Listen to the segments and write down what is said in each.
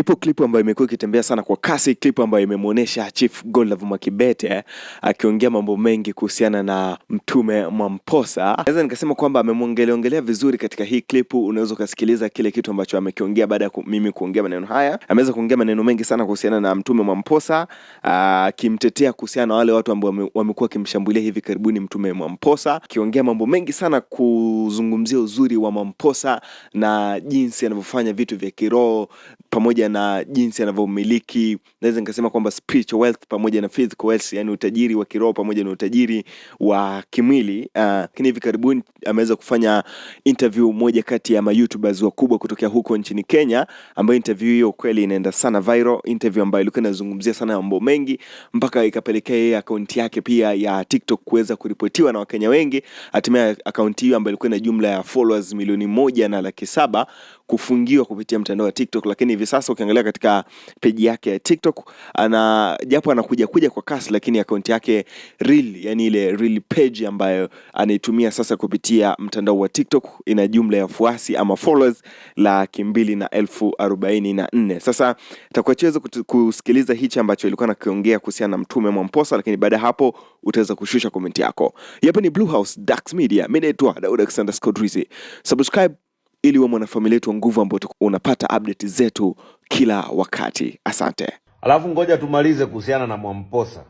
Ipo klipu ambayo imekuwa ikitembea sana kwa kasi, klipu ambayo imemwonyesha Chief Godlove Makibete eh, akiongea mambo mengi kuhusiana na Mtume Mwamposa. Naweza nikasema kwamba amemwongeleongelea vizuri katika hii klipu, unaweza ukasikiliza kile kitu ambacho amekiongea baada ya mimi kuongea maneno haya. Ameweza kuongea maneno mengi sana kuhusiana na Mtume Mwamposa, ah, akimtetea kuhusiana na wale watu ambao wamekuwa wakimshambulia hivi karibuni Mtume Mwamposa, akiongea mambo mengi sana kuzungumzia uzuri wa Mwamposa na jinsi anavyofanya vitu vya kiroho pamoja na jinsi anavyomiliki, naweza nikasema kwamba spiritual wealth pamoja na physical wealth, yani utajiri wa kiroho pamoja na utajiri wa kimwili. Ah, lakini hivi karibuni ameweza kufanya interview moja kati ya mayoutubers wakubwa kutokea huko nchini Kenya, ambayo interview hiyo kweli inaenda sana viral, interview ambayo ilikuwa inazungumzia sana mambo mengi mpaka ikapelekea yeye akaunti yake pia ya TikTok kuweza kuripotiwa na Wakenya wengi. Hatimaye akaunti hiyo ambayo ilikuwa na jumla ya followers milioni moja na laki saba kufungiwa kupitia mtandao wa TikTok, lakini hivi sasa ukiangalia katika peji yake ya TikTok ana japo anakuja kuja kwa kasi, lakini akaunti yake real, yani ile real page ambayo anaitumia sasa kupitia mtandao wa TikTok ina jumla ya wafuasi ama followers laki mbili na elfu arobaini na nne. Sasa takuacheza kusikiliza hichi ambacho ilikuwa nakiongea kuhusiana na Mtume Mwamposa, lakini baada ya hapo utaweza kushusha komenti yako. Hapa ni Blue House Dax Media, mimi naitwa Daud Alexander Scodrizi. Subscribe ili uwe mwanafamilia yetu wa nguvu ambao unapata update zetu kila wakati. Asante. Alafu ngoja tumalize kuhusiana na Mwamposa.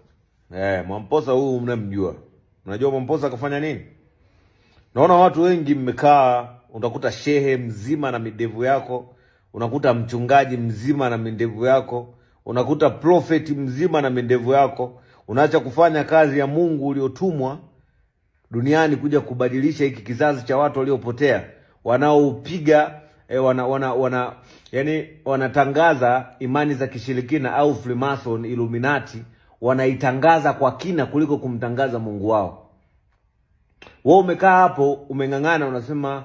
Eh, Mwamposa huyu mnamjua. Unajua Mwamposa kafanya nini? Naona watu wengi mmekaa, unakuta shehe mzima na midevu yako, unakuta mchungaji mzima na midevu yako, unakuta prophet mzima na midevu yako, unaacha kufanya kazi ya Mungu uliotumwa duniani kuja kubadilisha hiki kizazi cha watu waliopotea wanaoupiga e, wana, wana, wana, yani wanatangaza imani za kishirikina au Freemason Illuminati, wanaitangaza kwa kina kuliko kumtangaza Mungu wao. Wewe umekaa hapo umeng'ang'ana, unasema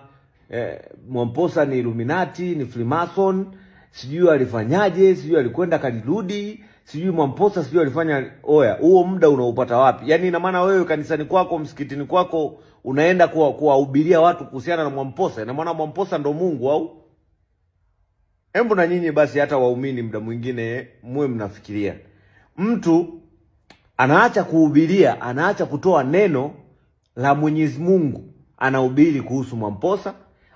e, Mwamposa ni Illuminati, ni Freemason, sijui alifanyaje, sijui alikwenda kalirudi sijui Mwamposa sijui alifanya oya. Huo muda unaupata wapi? Yaani ina maana wewe kanisani kwako, msikitini kwako unaenda kuwahubiria watu kuhusiana na Mwamposa, ina maana Mwamposa ndo Mungu au? Hebu na nyinyi basi, hata waumini mda mwingine muwe mnafikiria, mtu anaacha kuhubiria, anaacha kutoa neno la Mwenyezi Mungu, anahubiri kuhusu Mwamposa,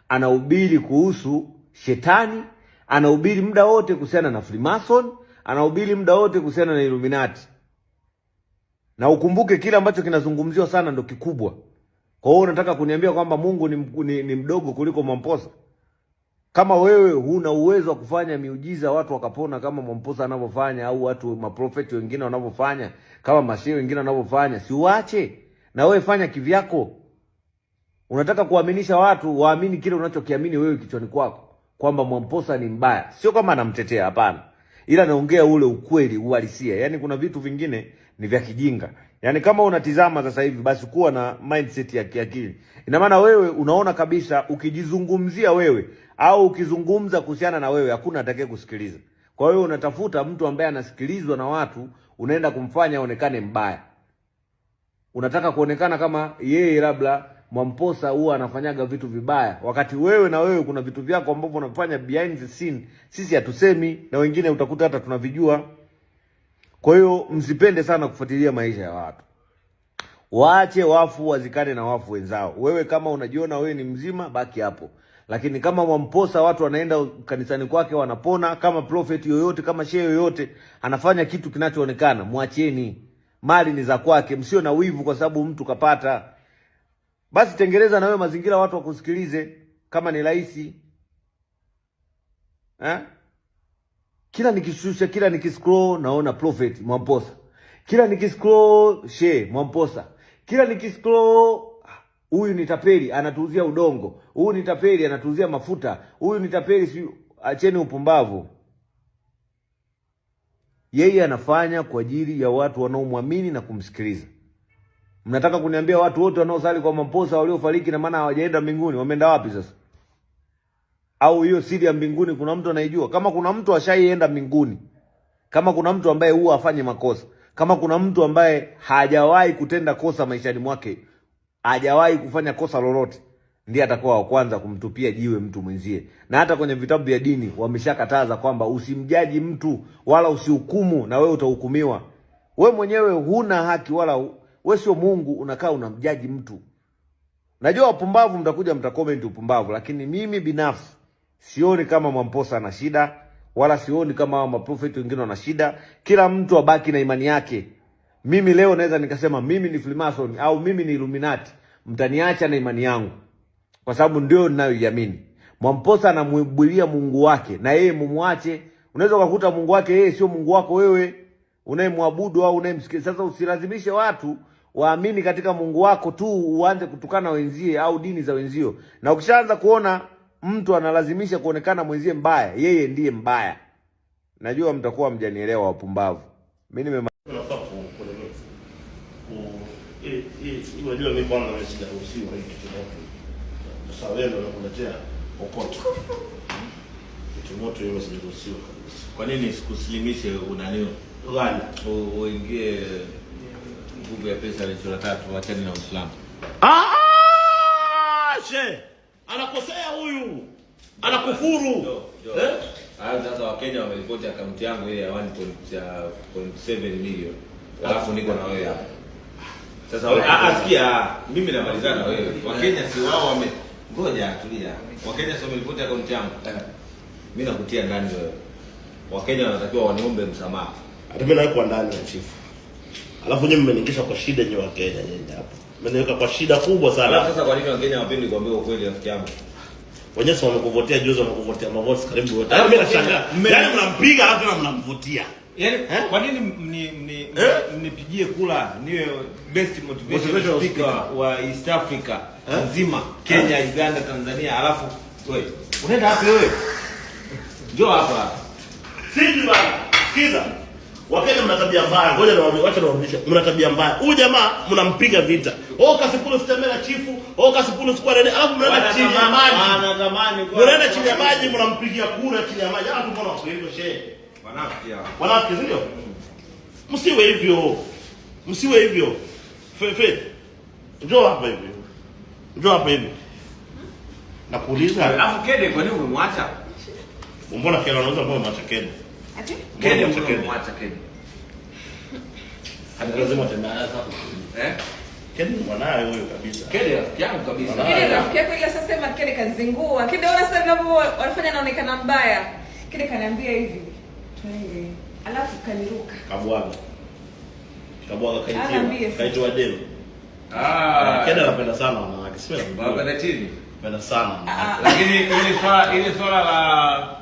anahubiri kuhusu shetani, anahubiri muda wote kuhusiana na Freemason, anahubiri muda wote kuhusiana na Illuminati. Na ukumbuke kile ambacho kinazungumziwa sana ndo kikubwa. Kwa hiyo unataka kuniambia kwamba Mungu ni, ni, ni mdogo kuliko Mwamposa? Kama wewe huna uwezo wa kufanya miujiza watu wakapona kama Mwamposa anavyofanya au watu maprofeti wengine wanavyofanya, kama mashehe wengine wanavyofanya, si uache na wewe fanya kivyako. Unataka kuaminisha watu waamini kile unachokiamini wewe kichwani kwako kwamba Mwamposa ni mbaya. Sio kama anamtetea, hapana, ila naongea ule ukweli uhalisia. Yaani kuna vitu vingine ni vya kijinga. Yaani kama unatizama sasa hivi, basi kuwa na mindset ya kiakili. Ina maana wewe unaona kabisa ukijizungumzia wewe au ukizungumza kuhusiana na wewe hakuna atakaye kusikiliza. Kwa hiyo unatafuta mtu ambaye anasikilizwa na watu, unaenda kumfanya aonekane mbaya. Unataka kuonekana kama yeye labda Mwamposa huwa anafanyaga vitu vibaya, wakati wewe na wewe kuna vitu vyako ambavyo unafanya behind the scene, sisi hatusemi na wengine utakuta hata tunavijua. Kwa hiyo msipende sana kufuatilia maisha ya watu, waache wafu wazikane na wafu wenzao. Wewe kama unajiona wewe ni mzima, baki hapo, lakini kama wamposa watu wanaenda kanisani kwake wanapona, kama prophet yoyote, kama shehe yoyote anafanya kitu kinachoonekana, mwacheni. Mali ni za kwake, msio na wivu kwa sababu mtu kapata. Basi tengeneza na wewe mazingira watu wakusikilize, kama ni rahisi eh? Kila nikishusha, kila nikiscroll naona Prophet Mwamposa, kila nikiscroll she Mwamposa, kila nikiscroll huyu ni tapeli anatuuzia udongo, huyu ni tapeli anatuuzia mafuta, huyu ni tapeli si. Acheni upumbavu. Yeye anafanya kwa ajili ya watu wanaomwamini na kumsikiliza. Mnataka kuniambia watu wote wanaosali kwa Mwamposa waliofariki na maana hawajaenda mbinguni, wameenda wapi sasa? au hiyo siri ya mbinguni kuna mtu anaijua? Kama kuna mtu ashaienda mbinguni, kama kuna mtu ambaye huwa afanye makosa, kama kuna mtu ambaye hajawahi kutenda kosa maishani mwake, hajawahi kufanya kosa lolote, ndiye atakuwa wa kwanza kumtupia jiwe mtu mwenzie. Na hata kwenye vitabu vya dini wameshakataza kwamba usimjaji mtu wala usihukumu, na wewe utahukumiwa. We mwenyewe huna haki, wala we sio Mungu, unakaa unamjaji mtu. Najua wapumbavu mtakuja mtakomenti upumbavu, lakini mimi binafsi Sioni kama Mwamposa ana shida, wala sioni kama hao maprofeti wengine wana shida. Kila mtu abaki na imani yake. Mimi leo naweza nikasema mimi ni Freemason au mimi ni Illuminati, mtaniacha na imani yangu, kwa sababu ndio ninayoiamini. Mwamposa anamwibulia Mungu wake na yeye mumwache. Unaweza ukakuta Mungu wake yeye sio Mungu wako wewe unayemwabudu au unayemsikia. Sasa usilazimishe watu waamini katika Mungu wako tu uanze kutukana wenzie au dini za wenzio, na ukishaanza kuona mtu analazimisha kuonekana mwenzie mbaya, yeye ndiye mbaya. Najua mtakuwa mjanielewa wapumbavu. Mimi nime kwa nini sikusilimishe? Unani uingie nguvu ya pesa alicho tatu, achani na Uislamu. Ah, she anakosea huyu anakufuru eh? Sasa Wakenya wameripoti akaunti yangu ile ya 1.7 million ah. alafu niko na wewe hapa sasa. wewe ah, ah, Sikia, mimi namalizana na wewe. Eh. Wakenya si wao wame, ngoja tulia. Wakenya si wameripoti akaunti yangu, eh. mimi nakutia ndani wewe. Wakenya wanatakiwa waniombe msamaha, hata mimi naiko ndani ya chifu. Alafu nyinyi mmeniingisha kwa shida, nyinyi Wakenya, nyinyi hapo mmeniweka kwa shida kubwa sana. Sasa kwa nini Wakenya wapendi kuambia ukweli, rafiki yangu? Wenyewe wamekuvotea juzi, wamekuvotea mavotes karibu wote. mimi nashangaa. Yaani, yaani, yaani mnampiga halafu na mnamvotea. Yaani eh? kwa nini eh? mnipigie kula niwe best motivation speaker wa East Africa eh? nzima, Kenya, Uganda, Tanzania, halafu wewe unaenda wapi wewe? Njoo hapa. Sisi bwana, sikiza. Wakenya mna tabia mbaya. Ngoja na wacha nawarudisha. Mna tabia mbaya. Huyu jamaa mnampiga vita. Oh Kasipulu sitemela chifu. Oh Kasipulu sikuwa nene. Alafu mnaenda chini ya maji. Mnaenda chini ya maji mnampigia kura chini ya maji. Alafu mbona wako hivyo shehe? Wanafiki hao. Wanafiki ndio? Msiwe hivyo. Msiwe hivyo. Fefe. Njoo hapa hivi. Njoo hapa hivi. Nakuuliza. Alafu Kede kwa nini umemwacha? Mbona Kede anaweza kwa umemwacha Kede? Eh? mwanawe huyo kazingua kile, wanafanya, naonekana mbaya kile, kaniambia hivi alafu kaniruka kabwaga kabwaga, kaitwa kaitwa demo. Ah. Eh, anapenda sana wanawake, sio? Anapenda chini, sana, ah, ah. lakini ile swala ile swala la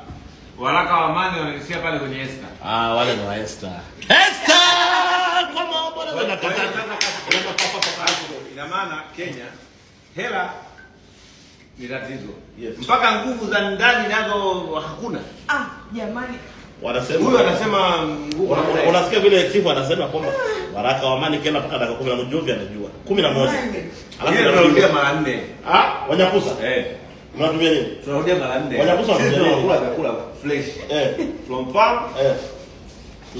Waraka wa amani wanaishia pale kwenye Esther. Ah, wale ni wa Esther. Esther kama bora za nakata. Ina maana Kenya hela ni tatizo. Yes. Mpaka nguvu za ndani nazo hakuna. Ah, jamani. Wanasema huyu anasema unasikia vile chifu anasema kwamba waraka wa amani kenda mpaka dakika 10 na anajua. 11. Alafu anarudia mara 4. Ah, Wanyakusa. Eh nini? Tunarudia mara nne. vyakula fresh. Eh. From farm. Eh.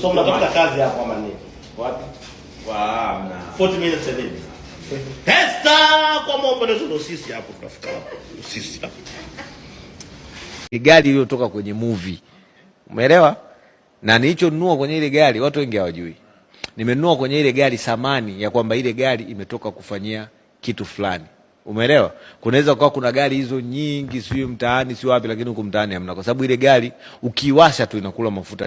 So mnatafuta kazi ama nini? Wapi? mna. 40 minutes a day. Testa kwa mambo na sisi hapo tunafika hapo. Sisi hapo. Ni gari iliyotoka kwenye movie. Umeelewa? Na nilichonunua kwenye ile gari watu wengi hawajui. Nimenunua kwenye ile gari samani ya kwamba ile gari imetoka kufanyia kitu fulani. Umeelewa? Kunaweza kuwa kuna gari hizo nyingi, sio mtaani, sio wapi, lakini huko mtaani hamna, kwa sababu ile gari ukiwasha tu inakula mafuta.